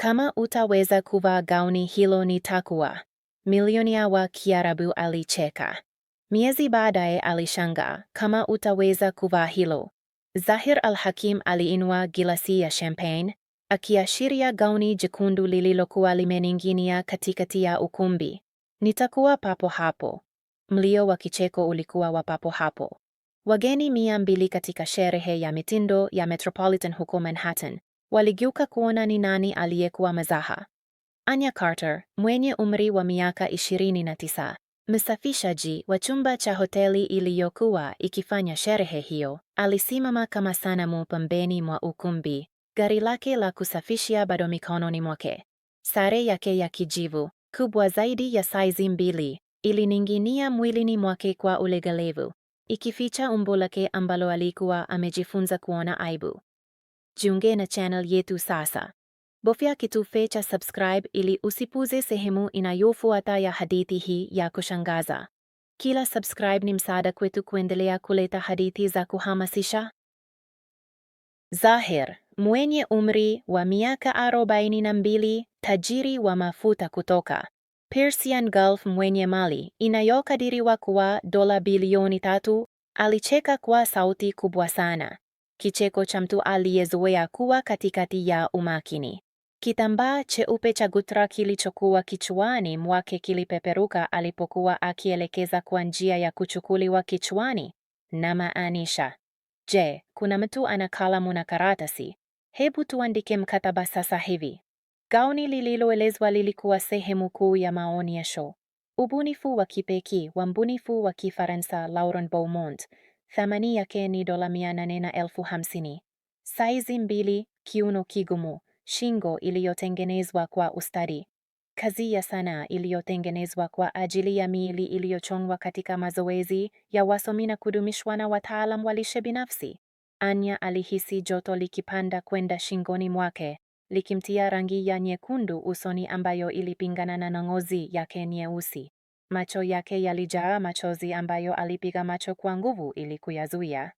Kama utaweza kuvaa gauni hilo ni takua milionia wa Kiarabu alicheka. Miezi baadaye alishangaa, kama utaweza kuvaa hilo. Zahir al-Hakim aliinua gilasi ya champagne, akiashiria gauni jekundu lililokuwa limening'inia katikati ya ukumbi. Nitakuwa papo hapo. Mlio wa kicheko ulikuwa wa papo hapo. Wageni mia mbili katika sherehe ya mitindo ya Metropolitan huko Manhattan waligeuka kuona ni nani aliyekuwa mzaha. Anya Carter mwenye umri wa miaka 29, msafishaji wa chumba cha hoteli iliyokuwa ikifanya sherehe hiyo, alisimama kama sanamu pembeni mwa ukumbi, gari lake la kusafishia bado mikononi mwake. Sare yake ya kijivu kubwa zaidi ya saizi mbili ilining'inia mwilini mwake kwa ulegelevu, ikificha umbo lake ambalo alikuwa amejifunza kuona aibu. Jiunge na channel yetu sasa. Bofya kitufe cha subscribe ili usipuze sehemu inayofuata ya hadithi hii ya kushangaza. Kila subscribe ni msaada kwetu kuendelea kuleta hadithi za kuhamasisha. Zahir mwenye umri wa miaka arobaini na mbili, tajiri wa mafuta kutoka Persian Gulf mwenye mali inayokadiriwa kuwa dola bilioni tatu, alicheka kwa sauti kubwa sana kicheko cha mtu aliyezoea kuwa katikati ya umakini. Kitambaa cheupe cha gutra kilichokuwa kichwani mwake kilipeperuka alipokuwa akielekeza kwa njia ya kuchukuliwa kichwani, na maanisha, je, kuna mtu ana kalamu na karatasi? Hebu tuandike mkataba sasa hivi. Gauni lililoelezwa lilikuwa sehemu kuu ya maonyesho. Ubunifu wa kipekee wa mbunifu wa Kifaransa Laurent Beaumont Thamani yake ni dola mia nane na elfu hamsini. Saizi mbili, kiuno kigumu, shingo iliyotengenezwa kwa ustadi. Kazi ya sanaa iliyotengenezwa kwa ajili ya miili iliyochongwa katika mazoezi ya wasomi na kudumishwa na wataalam wa lishe binafsi. Anya alihisi joto likipanda kwenda shingoni mwake, likimtia rangi ya nyekundu usoni ambayo ilipingana na ngozi yake nyeusi. Macho yake yalijaa machozi ambayo alipiga macho kwa nguvu ili kuyazuia.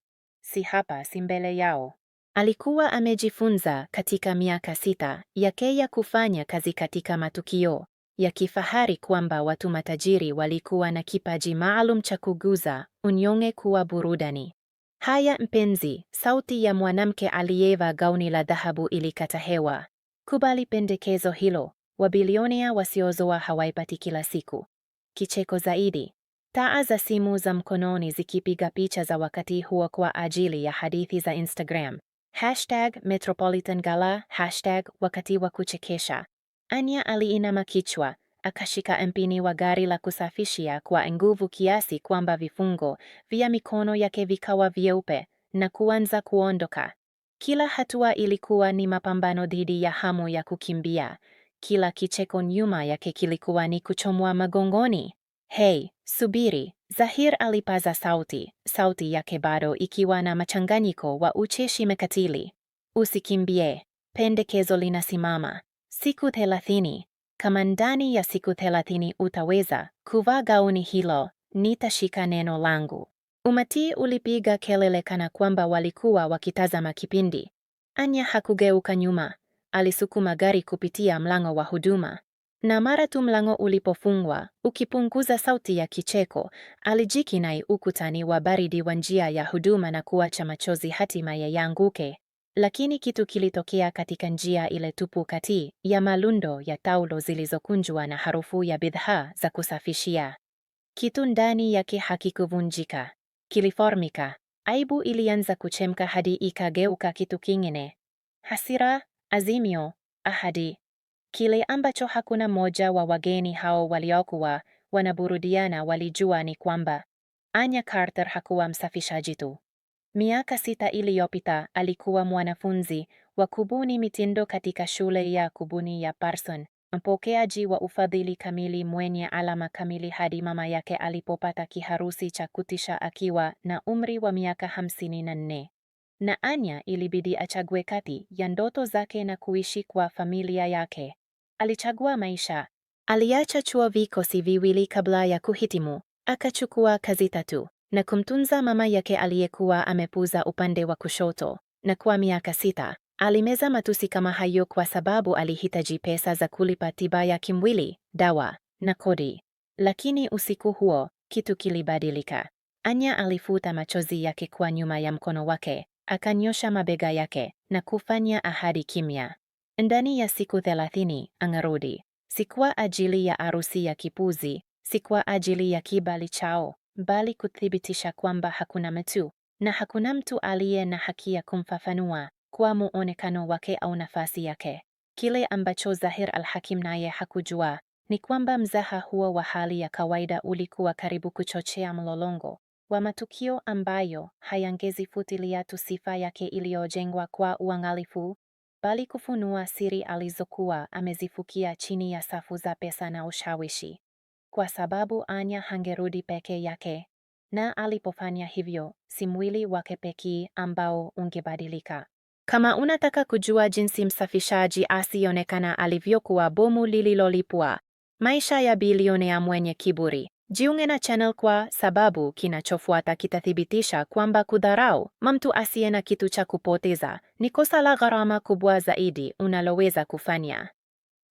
Si hapa, si mbele yao. Alikuwa amejifunza katika miaka sita yake ya kufanya kazi katika matukio ya kifahari kwamba watu matajiri walikuwa na kipaji maalum cha kuguza unyonge kuwa burudani. Haya mpenzi, sauti ya mwanamke aliyevaa gauni la dhahabu ilikata hewa. Kubali pendekezo hilo, wabilionea wasiozoa hawaipati kila siku kicheko zaidi, taa za simu za mkononi zikipiga picha za wakati huo kwa ajili ya hadithi za Instagram. Hashtag Metropolitan Gala, hashtag wakati wa kuchekesha. Anya aliinama kichwa, akashika mpini wa gari la kusafishia kwa nguvu kiasi kwamba vifungo vya mikono yake vikawa vyeupe na kuanza kuondoka. Kila hatua ilikuwa ni mapambano dhidi ya hamu ya kukimbia, kila kicheko nyuma yake kilikuwa ni kuchomwa magongoni. Hei, subiri! Zahir alipaza sauti, sauti yake bado ikiwa na machanganyiko wa ucheshi mkatili. Usikimbie, pendekezo linasimama. Siku thelathini. Kama ndani ya siku thelathini utaweza kuvaa gauni hilo, nitashika neno langu. Umati ulipiga kelele kana kwamba walikuwa wakitazama kipindi. Anya hakugeuka nyuma alisukuma gari kupitia mlango wa huduma, na mara tu mlango ulipofungwa, ukipunguza sauti ya kicheko, alijiki naye ukutani wa baridi wa njia ya huduma na kuacha machozi hatimaye yaanguke. Lakini kitu kilitokea katika njia ile tupu, kati ya malundo ya taulo zilizokunjwa na harufu ya bidhaa za kusafishia. Kitu ndani yake hakikuvunjika, kiliformika. Aibu ilianza kuchemka hadi ikageuka kitu kingine: hasira, Azimio, ahadi. Kile ambacho hakuna mmoja wa wageni hao waliokuwa wanaburudiana walijua ni kwamba Anya Carter hakuwa msafishaji tu. Miaka sita iliyopita alikuwa mwanafunzi wa kubuni mitindo katika shule ya kubuni ya Parson, mpokeaji wa ufadhili kamili mwenye alama kamili hadi mama yake alipopata kiharusi cha kutisha akiwa na umri wa miaka hamsini na nne na Anya ilibidi achague kati ya ndoto zake na kuishi kwa familia yake. Alichagua maisha. Aliacha chuo vikosi viwili kabla ya kuhitimu, akachukua kazi tatu na kumtunza mama yake aliyekuwa amepuza upande wa kushoto, na kwa miaka sita alimeza matusi kama hayo kwa sababu alihitaji pesa za kulipa tiba ya kimwili, dawa na kodi. Lakini usiku huo kitu kilibadilika. Anya alifuta machozi yake kwa nyuma ya mkono wake akanyosha mabega yake na kufanya ahadi kimya. Ndani ya siku thelathini angarudi, si kwa ajili ya arusi ya kipuzi, si kwa ajili ya kibali chao, bali kuthibitisha kwamba hakuna mtu na hakuna mtu aliye na haki ya kumfafanua kwa muonekano wake au nafasi yake. Kile ambacho Zahir al-Hakim naye hakujua ni kwamba mzaha huo wa hali ya kawaida ulikuwa karibu kuchochea mlolongo wa matukio ambayo hayangezifutilia tu sifa yake iliyojengwa kwa uangalifu, bali kufunua siri alizokuwa amezifukia chini ya safu za pesa na ushawishi. Kwa sababu Anya hangerudi peke yake, na alipofanya hivyo, si mwili wake pekee ambao ungebadilika. Kama unataka kujua jinsi msafishaji asiyeonekana alivyokuwa bomu lililolipwa, maisha ya bilionea mwenye kiburi Jiunge na channel kwa sababu kinachofuata kitathibitisha kwamba kudharau mtu asiye na kitu cha kupoteza ni kosa la gharama kubwa zaidi unaloweza kufanya.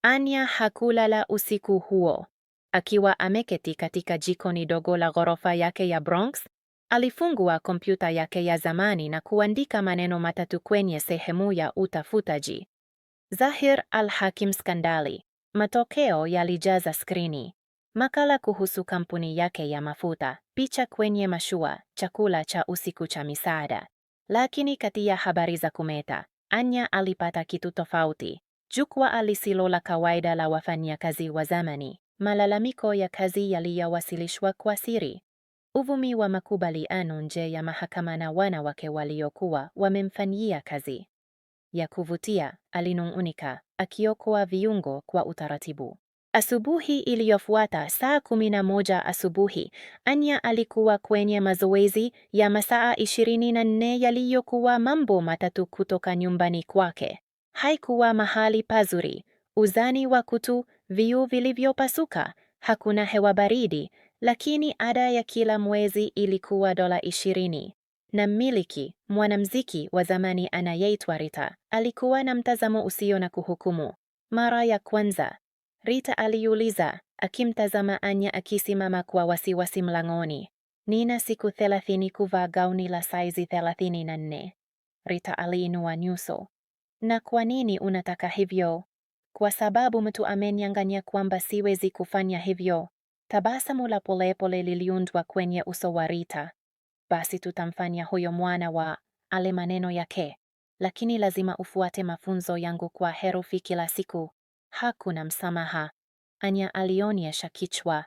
Anya hakulala usiku huo. Akiwa ameketi katika jikoni dogo la ghorofa yake ya Bronx, alifungua kompyuta yake ya zamani na kuandika maneno matatu kwenye sehemu ya utafutaji: Zahir Al-Hakim skandali. Matokeo yalijaza skrini. Makala kuhusu kampuni yake ya mafuta, picha kwenye mashua, chakula cha usiku cha misaada. Lakini kati ya habari za kumeta, Anya alipata kitu tofauti. Jukwaa lisilo la kawaida la wafanyakazi wa zamani, malalamiko ya kazi yaliyowasilishwa kwa siri, uvumi wa makubaliano nje ya mahakama na wanawake waliokuwa wamemfanyia kazi ya kuvutia. Alinung'unika akiokoa viungo kwa utaratibu. Asubuhi iliyofuata saa 11 asubuhi, Anya alikuwa kwenye mazoezi ya masaa 24 yaliyokuwa mambo matatu kutoka nyumbani kwake. Haikuwa mahali pazuri, uzani wa kutu, viu vilivyopasuka, hakuna hewa baridi, lakini ada ya kila mwezi ilikuwa dola 20 na mmiliki, mwanamziki wa zamani anayeitwa Rita, alikuwa na mtazamo usio na kuhukumu. Mara ya kwanza Rita aliuliza, akimtazama Anya akisimama kwa wasiwasi mlangoni. Nina siku thelathini kuvaa gauni la saizi thelathini na nne. Rita aliinua nyuso. Na kwa nini unataka hivyo? Kwa sababu mtu amenyang'anya kwamba siwezi kufanya hivyo. Tabasamu la polepole liliundwa kwenye uso wa Rita. Basi tutamfanya huyo mwana wa ale maneno yake, lakini lazima ufuate mafunzo yangu kwa herufi kila siku. Hakuna msamaha. Anya alionyesha kichwa.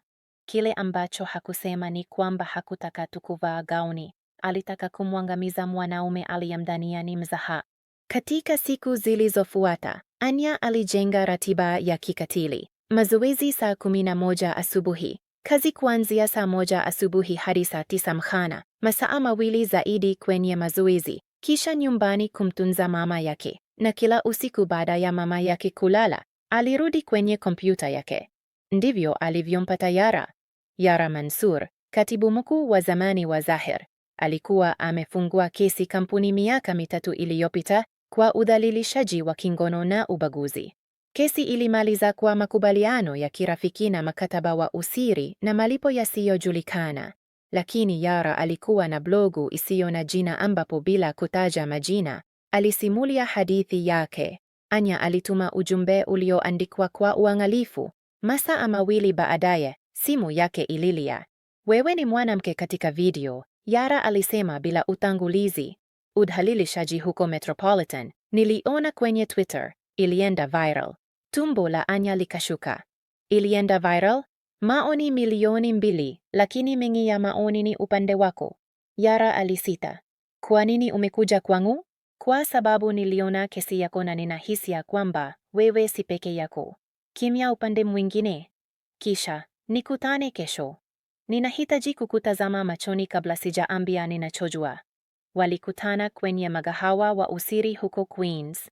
Kile ambacho hakusema ni kwamba hakutaka tu kuvaa gauni, alitaka kumwangamiza mwanaume aliyemdhania ni mzaha. Katika siku zilizofuata, Anya alijenga ratiba ya kikatili: mazoezi saa kumi na moja asubuhi, kazi kuanzia saa moja asubuhi hadi saa tisa mchana, masaa mawili zaidi kwenye mazoezi, kisha nyumbani kumtunza mama yake, na kila usiku baada ya mama yake kulala Alirudi kwenye kompyuta yake. Ndivyo alivyompata Yara. Yara Mansur, katibu mkuu wa zamani wa Zahir, alikuwa amefungua kesi kampuni miaka mitatu iliyopita kwa udhalilishaji wa kingono na ubaguzi. Kesi ilimaliza kwa makubaliano ya kirafiki na mkataba wa usiri na malipo yasiyojulikana. Lakini Yara alikuwa na blogu isiyo na jina ambapo bila kutaja majina, alisimulia hadithi yake. Anya alituma ujumbe ulioandikwa kwa uangalifu. Masaa mawili baadaye, simu yake ililia. Wewe ni mwanamke katika video, Yara alisema bila utangulizi. Udhalilishaji huko Metropolitan, niliona kwenye Twitter, ilienda viral. Tumbo la Anya likashuka. Ilienda viral? Maoni milioni mbili, lakini mengi ya maoni ni upande wako. Yara alisita. Kwa nini umekuja kwangu? Kwa sababu niliona kesi yako na ninahisi ya kwamba wewe si peke yako. Kimya upande mwingine. Kisha nikutane kesho. Ninahitaji kukutazama machoni kabla sijaambia ninachojua. Walikutana kwenye magahawa wa usiri huko Queens.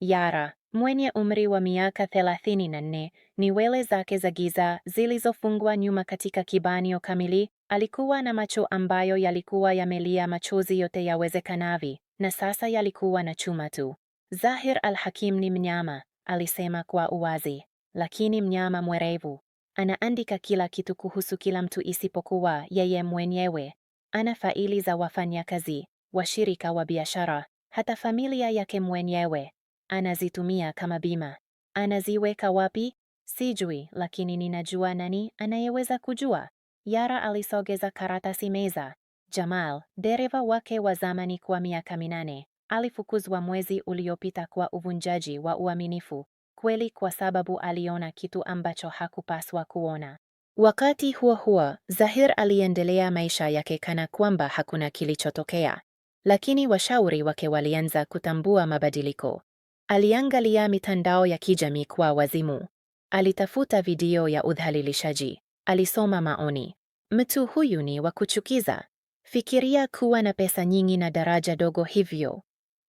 Yara mwenye umri wa miaka 34 ni wele zake za giza zilizofungwa nyuma katika kibanio kamili. Alikuwa na macho ambayo yalikuwa yamelia machozi yote yawezekanavyo na sasa yalikuwa na chuma tu. Zahir al-Hakim ni mnyama, alisema kwa uwazi, lakini mnyama mwerevu. Anaandika kila kitu kuhusu kila mtu isipokuwa yeye mwenyewe. Ana faili za wafanyakazi, washirika wa biashara, hata familia yake mwenyewe. Anazitumia kama bima. Anaziweka wapi? Sijui, lakini ninajua nani anayeweza kujua. Yara alisogeza karatasi meza. Jamal, dereva wake wa zamani kwa miaka minane, alifukuzwa mwezi uliopita kwa uvunjaji wa uaminifu, kweli kwa sababu aliona kitu ambacho hakupaswa kuona. Wakati huo huo, Zahir aliendelea maisha yake kana kwamba hakuna kilichotokea. Lakini washauri wake walianza kutambua mabadiliko. Aliangalia mitandao ya kijamii kwa wazimu. Alitafuta video ya udhalilishaji. Alisoma maoni. Mtu huyu ni wa kuchukiza, Fikiria kuwa na pesa nyingi na daraja dogo hivyo.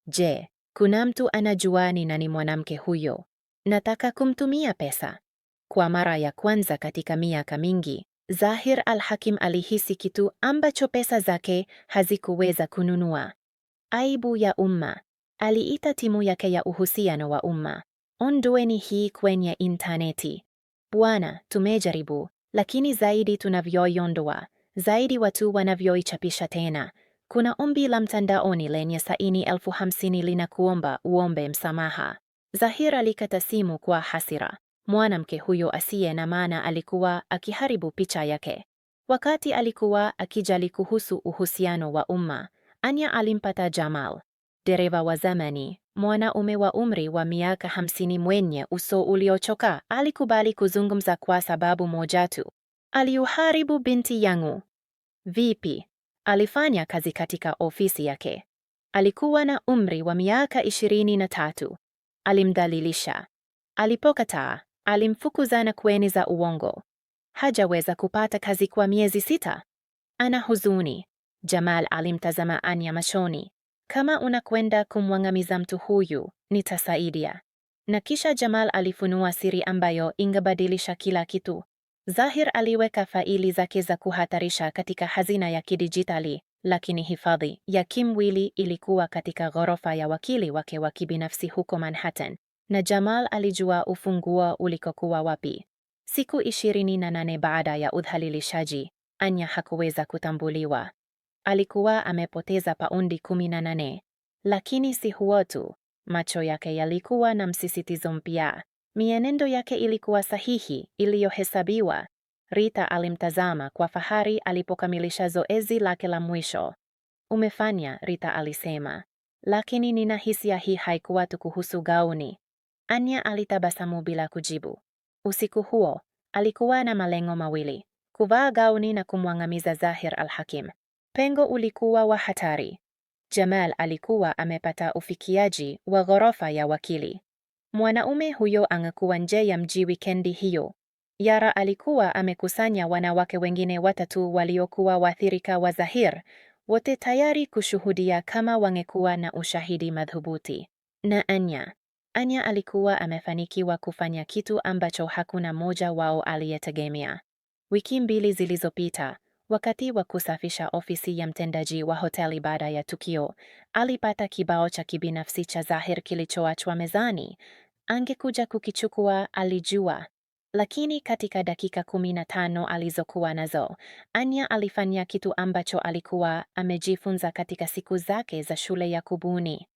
Je, kuna mtu anajua ni nani mwanamke huyo? Nataka kumtumia pesa. Kwa mara ya kwanza katika miaka mingi, Zahir al-Hakim alihisi kitu ambacho pesa zake hazikuweza kununua: aibu ya umma. Aliita timu yake ya uhusiano wa umma, ondoeni hii kwenye intaneti. Bwana, tumejaribu, lakini zaidi tunavyoiondoa zaidi watu wanavyoichapisha tena. Kuna ombi la mtandaoni lenye saini elfu hamsini linakuomba uombe msamaha. Zahir alikata simu kwa hasira. Mwanamke huyo asiye na maana alikuwa akiharibu picha yake. Wakati alikuwa akijali kuhusu uhusiano wa umma, Anya alimpata Jamal, dereva wa zamani, mwanaume wa umri wa miaka hamsini mwenye uso uliochoka. Alikubali kuzungumza kwa sababu moja tu, aliuharibu binti yangu. Vipi? Alifanya kazi katika ofisi yake. Alikuwa na umri wa miaka ishirini na tatu. Alimdhalilisha. Alipokataa, alimfukuza na kweni za uongo. Hajaweza kupata kazi kwa miezi sita. Ana huzuni. Jamal alimtazama Anya machoni. Kama unakwenda kumwangamiza mtu huyu, nitasaidia. Na kisha Jamal alifunua siri ambayo ingebadilisha kila kitu. Zahir aliweka faili zake za kuhatarisha katika hazina ya kidijitali, lakini hifadhi ya kimwili ilikuwa katika ghorofa ya wakili wake wa kibinafsi huko Manhattan, na Jamal alijua ufunguo ulikokuwa wapi. Siku 28 baada ya udhalilishaji, Anya hakuweza kutambuliwa. Alikuwa amepoteza paundi 18 Lakini si huo tu, macho yake yalikuwa na msisitizo mpya. Mienendo yake ilikuwa sahihi, iliyohesabiwa. Rita alimtazama kwa fahari alipokamilisha zoezi lake la mwisho. Umefanya, Rita alisema, lakini nina hisia hii haikuwa tu kuhusu gauni. Anya alitabasamu bila kujibu. Usiku huo alikuwa na malengo mawili: kuvaa gauni na kumwangamiza Zahir al-Hakim. Pengo ulikuwa wa hatari. Jamal alikuwa amepata ufikiaji wa ghorofa ya wakili. Mwanaume huyo angekuwa nje ya mji wikendi hiyo. Yara alikuwa amekusanya wanawake wengine watatu waliokuwa waathirika wa Zahir, wote tayari kushuhudia kama wangekuwa na ushahidi madhubuti. Na Anya. Anya alikuwa amefanikiwa kufanya kitu ambacho hakuna mmoja wao aliyetegemea. Wiki mbili zilizopita, wakati wa kusafisha ofisi ya mtendaji wa hoteli baada ya tukio, alipata kibao cha kibinafsi cha Zahir kilichoachwa mezani, angekuja kukichukua, alijua. Lakini katika dakika kumi na tano alizokuwa nazo, Anya alifanya kitu ambacho alikuwa amejifunza katika siku zake za shule ya kubuni.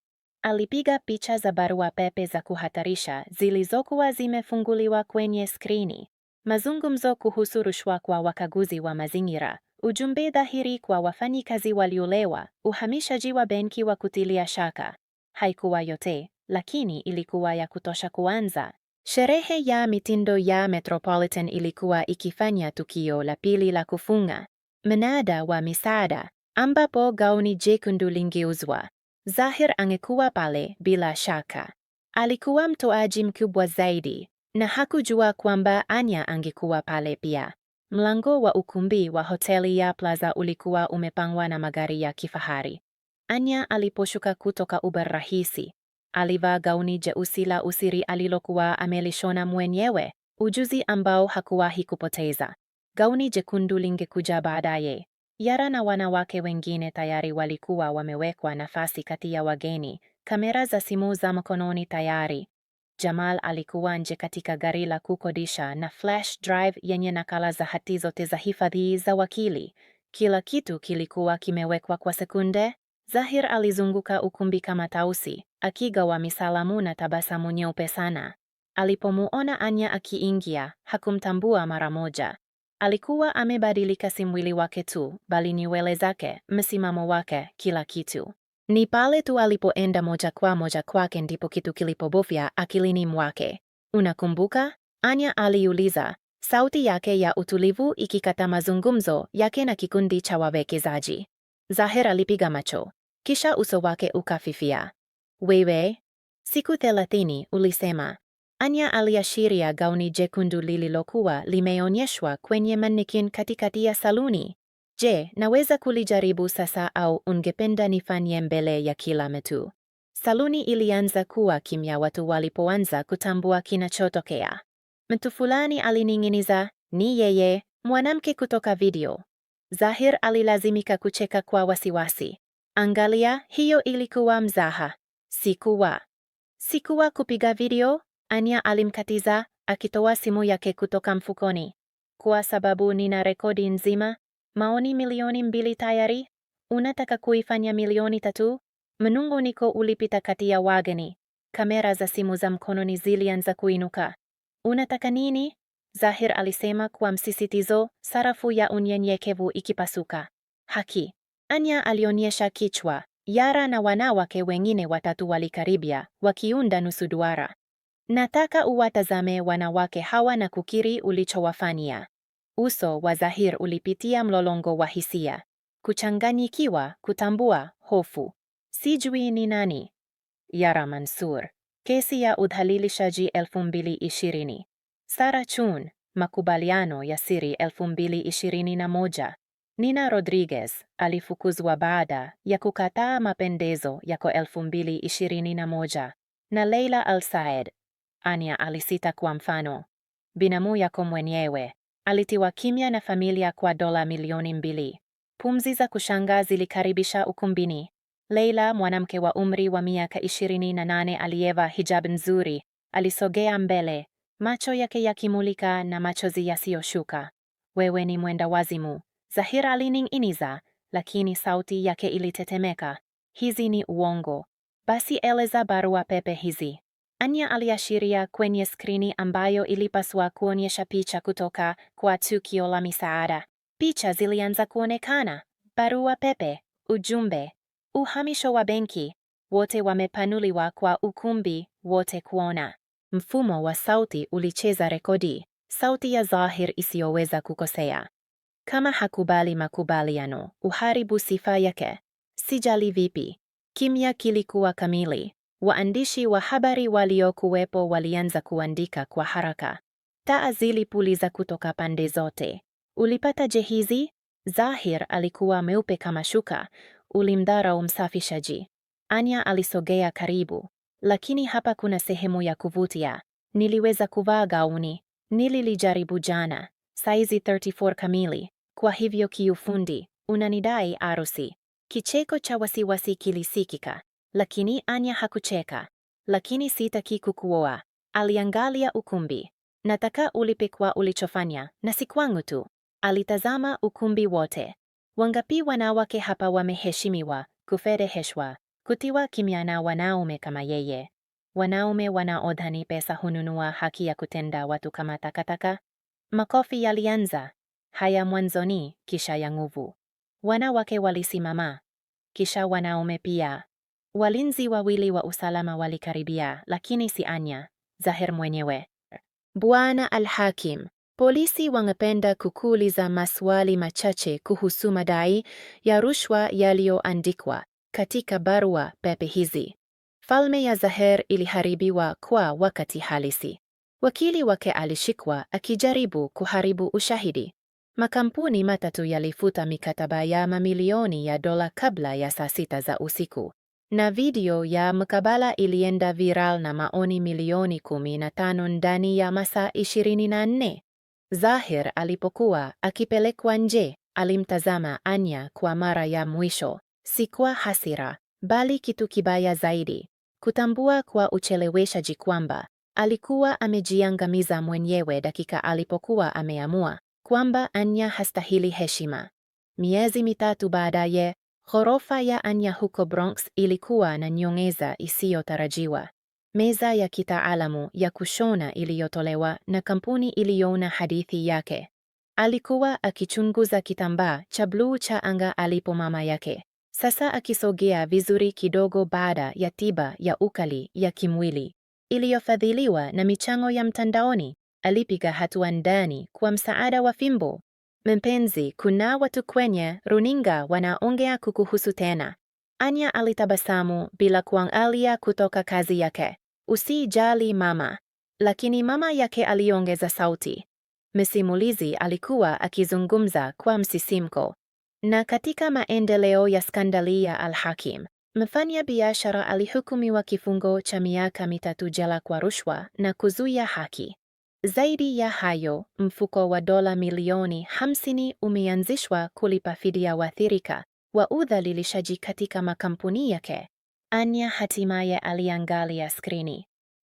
Alipiga picha za barua pepe za kuhatarisha zilizokuwa zimefunguliwa kwenye skrini, mazungumzo kuhusu rushwa kwa wakaguzi wa mazingira, ujumbe dhahiri kwa wafanyikazi waliolewa, uhamishaji wa benki wa kutilia shaka. Haikuwa yote, lakini ilikuwa ya kutosha kuanza. Sherehe ya mitindo ya Metropolitan ilikuwa ikifanya tukio la pili la kufunga mnada wa misaada, ambapo gauni jekundu lingeuzwa. Zahir angekuwa pale bila shaka. Alikuwa mtoaji mkubwa zaidi, na hakujua kwamba Anya angekuwa pale pia. Mlango wa ukumbi wa hoteli ya Plaza ulikuwa umepangwa na magari ya kifahari. Anya aliposhuka kutoka Uber rahisi, Alivaa gauni jeusi la usiri alilokuwa amelishona mwenyewe, ujuzi ambao hakuwahi kupoteza. Gauni jekundu lingekuja baadaye. Yara na wanawake wengine tayari walikuwa wamewekwa nafasi kati ya wageni, kamera za simu za mkononi tayari. Jamal alikuwa nje katika gari la kukodisha na flash drive yenye nakala za hati zote za hifadhi za wakili. Kila kitu kilikuwa kimewekwa kwa sekunde Zahir alizunguka ukumbi kama tausi, akigawa misalamu na tabasamu nyeupe sana. Alipomuona Anya akiingia, hakumtambua mara moja. Alikuwa amebadilika, si mwili wake tu, bali ni nywele zake, msimamo wake, kila kitu. Ni pale tu alipoenda moja kwa moja kwake ndipo kitu kilipobofya akilini mwake. Unakumbuka? Anya aliuliza, sauti yake ya utulivu ikikata mazungumzo yake na kikundi cha wawekezaji. Zahir alipiga macho kisha uso wake ukafifia. Wewe siku thelathini, ulisema. Anya aliashiria gauni jekundu lililokuwa limeonyeshwa kwenye mannequin katikati ya saluni. Je, naweza kulijaribu sasa au ungependa nifanye mbele ya kila mtu? Saluni ilianza kuwa kimya watu walipoanza kutambua kinachotokea. Mtu fulani alining'iniza, ni yeye, mwanamke kutoka video. Zahir alilazimika kucheka kwa wasiwasi. Angalia, hiyo ilikuwa mzaha. Sikuwa sikuwa kupiga video, Anya alimkatiza akitoa simu yake kutoka mfukoni. Kwa sababu nina rekodi nzima, maoni milioni mbili tayari. Unataka kuifanya milioni tatu? Mnunguniko ulipita kati ya wageni. Kamera za simu za mkononi zilianza kuinuka. Unataka nini? Zahir alisema kwa msisitizo, sarafu ya unyenyekevu ikipasuka. Haki. Anya alionyesha kichwa. Yara na wanawake wengine watatu walikaribia, wakiunda nusu duara. Nataka uwatazame wanawake hawa na kukiri ulichowafanyia. Uso wa Zahir ulipitia mlolongo wa hisia: kuchanganyikiwa, kutambua, hofu. Sijui ni nani. Yara Mansur, kesi ya udhalilishaji 2020. Sara Chun, makubaliano ya siri 2021. Nina Rodriguez alifukuzwa baada ya kukataa mapendezo yako 2021 na Leila Al-Saed. Anya alisita kwa mfano. Binamu yako mwenyewe alitiwa kimya na familia kwa dola milioni mbili. Pumzi za kushanga zilikaribisha ukumbini. Leila, mwanamke wa umri wa miaka 28 aliyevaa hijab nzuri, alisogea mbele, macho yake yakimulika na machozi yasiyoshuka. Wewe ni mwenda wazimu, zahira alining iniza, lakini sauti yake ilitetemeka. Hizi ni uongo. Basi eleza barua pepe hizi. Anya aliashiria kwenye skrini ambayo ilipaswa kuonyesha picha kutoka kwa tukio la misaada. Picha zilianza kuonekana: barua pepe, ujumbe, uhamisho wa benki, wote wamepanuliwa kwa ukumbi wote kuona. Mfumo wa sauti ulicheza rekodi, sauti ya Zahir isiyoweza kukosea. Kama hakubali makubaliano, uharibu sifa yake. Sijali vipi. Kimya kilikuwa kamili. Waandishi wa habari waliokuwepo walianza kuandika kwa haraka. Taa zilipuliza kutoka pande zote. Ulipata jehizi? Zahir alikuwa meupe kama shuka. Ulimdharau msafishaji. Anya alisogea karibu. Lakini hapa kuna sehemu ya kuvutia. Niliweza kuvaa gauni. Nililijaribu jana. Saizi 34 kamili. Kwa hivyo kiufundi, unanidai arusi. Kicheko cha wasiwasi kilisikika, lakini Anya hakucheka. Lakini sitaki kukuoa. Aliangalia ukumbi. Nataka ulipe kwa ulichofanya, na si kwangu tu. Alitazama ukumbi wote. Wangapi wanawake hapa wameheshimiwa, kufereheshwa, kutiwa kimya na wanaume kama yeye? Wanaume wanaodhani pesa hununua haki ya kutenda watu kama takataka. Makofi yalianza haya mwanzoni, kisha ya nguvu. Wanawake walisimama, kisha wanaume pia. Walinzi wawili wa usalama walikaribia, lakini si Anya, Zaher mwenyewe. Bwana alhakim polisi wangependa kukuuliza maswali machache kuhusu madai ya rushwa yaliyoandikwa katika barua pepe hizi. Falme ya Zaher iliharibiwa kwa wakati halisi. Wakili wake alishikwa akijaribu kuharibu ushahidi. Makampuni matatu yalifuta mikataba ya mamilioni ya dola kabla ya saa sita za usiku, na video ya mkabala ilienda viral na maoni milioni 15 ndani ya masaa 24. Zahir alipokuwa akipelekwa nje, alimtazama Anya kwa mara ya mwisho, si kwa hasira, bali kitu kibaya zaidi, kutambua kwa ucheleweshaji kwamba alikuwa amejiangamiza mwenyewe dakika alipokuwa ameamua kwamba Anya hastahili heshima. Miezi mitatu baadaye, ghorofa ya Anya huko Bronx ilikuwa na nyongeza isiyotarajiwa: meza ya kitaalamu ya kushona iliyotolewa na kampuni iliyoona hadithi yake. Alikuwa akichunguza kitambaa cha bluu cha anga alipo mama yake, sasa akisogea vizuri kidogo baada ya tiba ya ukali ya kimwili iliyofadhiliwa na michango ya mtandaoni alipiga hatua ndani kwa msaada wa fimbo. Mpenzi, kuna watu kwenye runinga wanaongea kukuhusu tena. Anya alitabasamu bila kuangalia kutoka kazi yake. Usijali mama. Lakini mama yake aliongeza sauti. Msimulizi alikuwa akizungumza kwa msisimko. Na katika maendeleo ya skandali ya Al-Hakim, mfanya biashara alihukumiwa kifungo cha miaka mitatu jela kwa rushwa na kuzuia haki. Zaidi ya hayo, mfuko wa dola milioni 50 umeanzishwa kulipa fidia waathirika wa udhalilishaji katika makampuni yake. Anya hatimaye aliangalia skrini.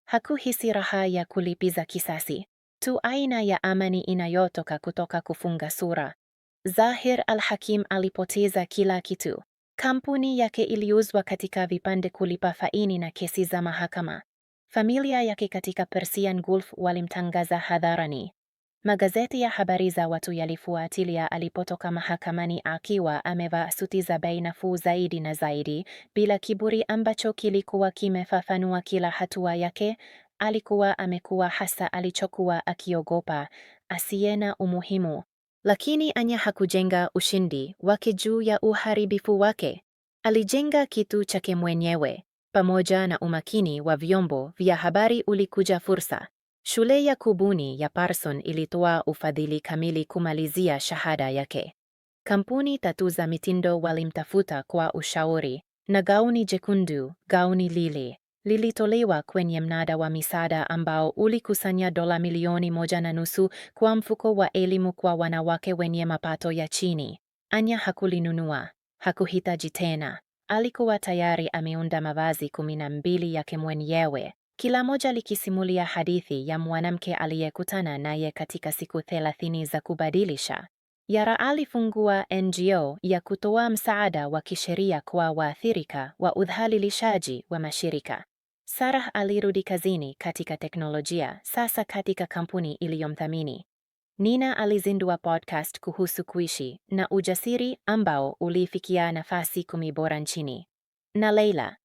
Hakuhisi raha ya kulipiza kisasi, tu aina ya amani inayotoka kutoka kufunga sura. Zahir al-Hakim alipoteza kila kitu. Kampuni yake iliuzwa katika vipande kulipa faini na kesi za mahakama. Familia yake katika Persian Gulf walimtangaza hadharani. Magazeti ya habari za watu yalifuatilia alipotoka mahakamani akiwa amevaa suti za bei nafuu zaidi na zaidi, bila kiburi ambacho kilikuwa kimefafanua kila hatua yake. Alikuwa amekuwa hasa alichokuwa akiogopa, asiye na umuhimu. Lakini Anya hakujenga ushindi wake juu ya uharibifu wake. Alijenga kitu chake mwenyewe. Pamoja na umakini wa vyombo vya habari ulikuja fursa. Shule ya kubuni ya Parson ilitoa ufadhili kamili kumalizia shahada yake. Kampuni tatu za mitindo walimtafuta kwa ushauri, na gauni jekundu, gauni lili, lilitolewa kwenye mnada wa misaada ambao ulikusanya dola milioni moja na nusu kwa mfuko wa elimu kwa wanawake wenye mapato ya chini. Anya hakulinunua, hakuhitaji tena. Alikuwa tayari ameunda mavazi kumi na mbili yake mwenyewe, kila moja likisimulia hadithi ya mwanamke aliyekutana naye katika siku thelathini za kubadilisha. Yara alifungua NGO ya kutoa msaada wa kisheria kwa waathirika wa udhalilishaji wa mashirika. Sarah alirudi kazini katika teknolojia, sasa katika kampuni iliyomthamini. Nina alizindua podcast kuhusu kuishi na ujasiri ambao ulifikia nafasi kumi bora nchini. Na Leila.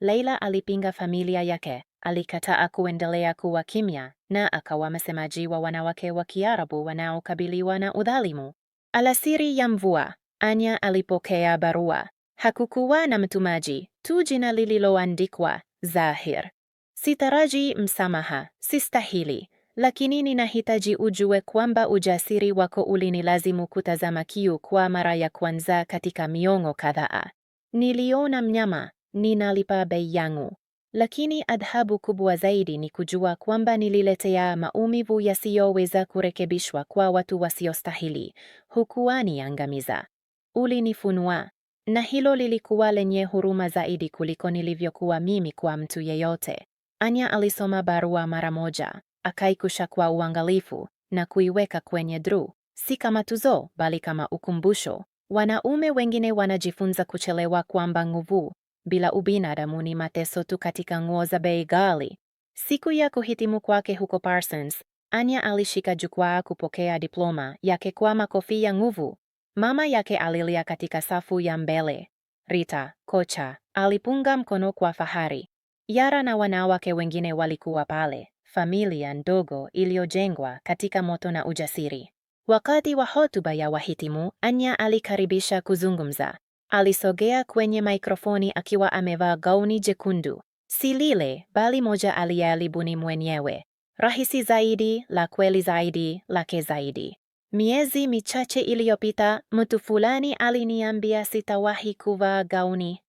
Leila alipinga familia yake, alikataa kuendelea kuwa kimya na akawa msemaji wa wanawake wa Kiarabu wanaokabiliwa na udhalimu. Alasiri ya mvua, Anya alipokea barua. Hakukuwa na mtumaji, tu jina lililoandikwa Zahir. Sitaraji msamaha, sistahili, lakini ninahitaji ujue kwamba ujasiri wako ulinilazimu kutazama kiu kwa mara ya kwanza katika miongo kadhaa. Niliona mnyama, ninalipa bei yangu. Lakini adhabu kubwa zaidi ni kujua kwamba nililetea maumivu yasiyoweza kurekebishwa kwa watu wasiostahili. Hukuwaniangamiza, ulinifunua, na hilo lilikuwa lenye huruma zaidi kuliko nilivyokuwa mimi kwa mtu yeyote. Anya alisoma barua mara moja akaikusha kwa uangalifu na kuiweka kwenye dru, si kama tuzo bali kama ukumbusho. Wanaume wengine wanajifunza kuchelewa kwamba nguvu bila ubinadamu ni mateso tu katika nguo za bei ghali. Siku ya kuhitimu kwake huko Parsons, Anya alishika jukwaa kupokea diploma yake kwa makofi ya nguvu. Mama yake alilia katika safu ya mbele. Rita, kocha, alipunga mkono kwa fahari. Yara na wanawake wengine walikuwa pale familia ndogo iliyojengwa katika moto na ujasiri. Wakati wa hotuba ya wahitimu, Anya alikaribisha kuzungumza. Alisogea kwenye mikrofoni akiwa amevaa gauni jekundu, si lile bali moja aliyealibuni mwenyewe, rahisi zaidi, la kweli zaidi, lake zaidi. Miezi michache iliyopita, mtu fulani aliniambia sitawahi kuvaa gauni.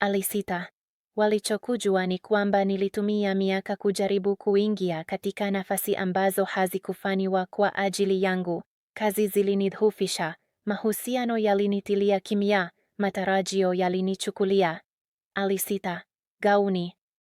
Alisita. Walichokujua ni kwamba nilitumia miaka kujaribu kuingia katika nafasi ambazo hazikufaniwa kwa ajili yangu. Kazi zilinidhufisha, mahusiano yalinitilia kimya, matarajio yalinichukulia. Alisita. Gauni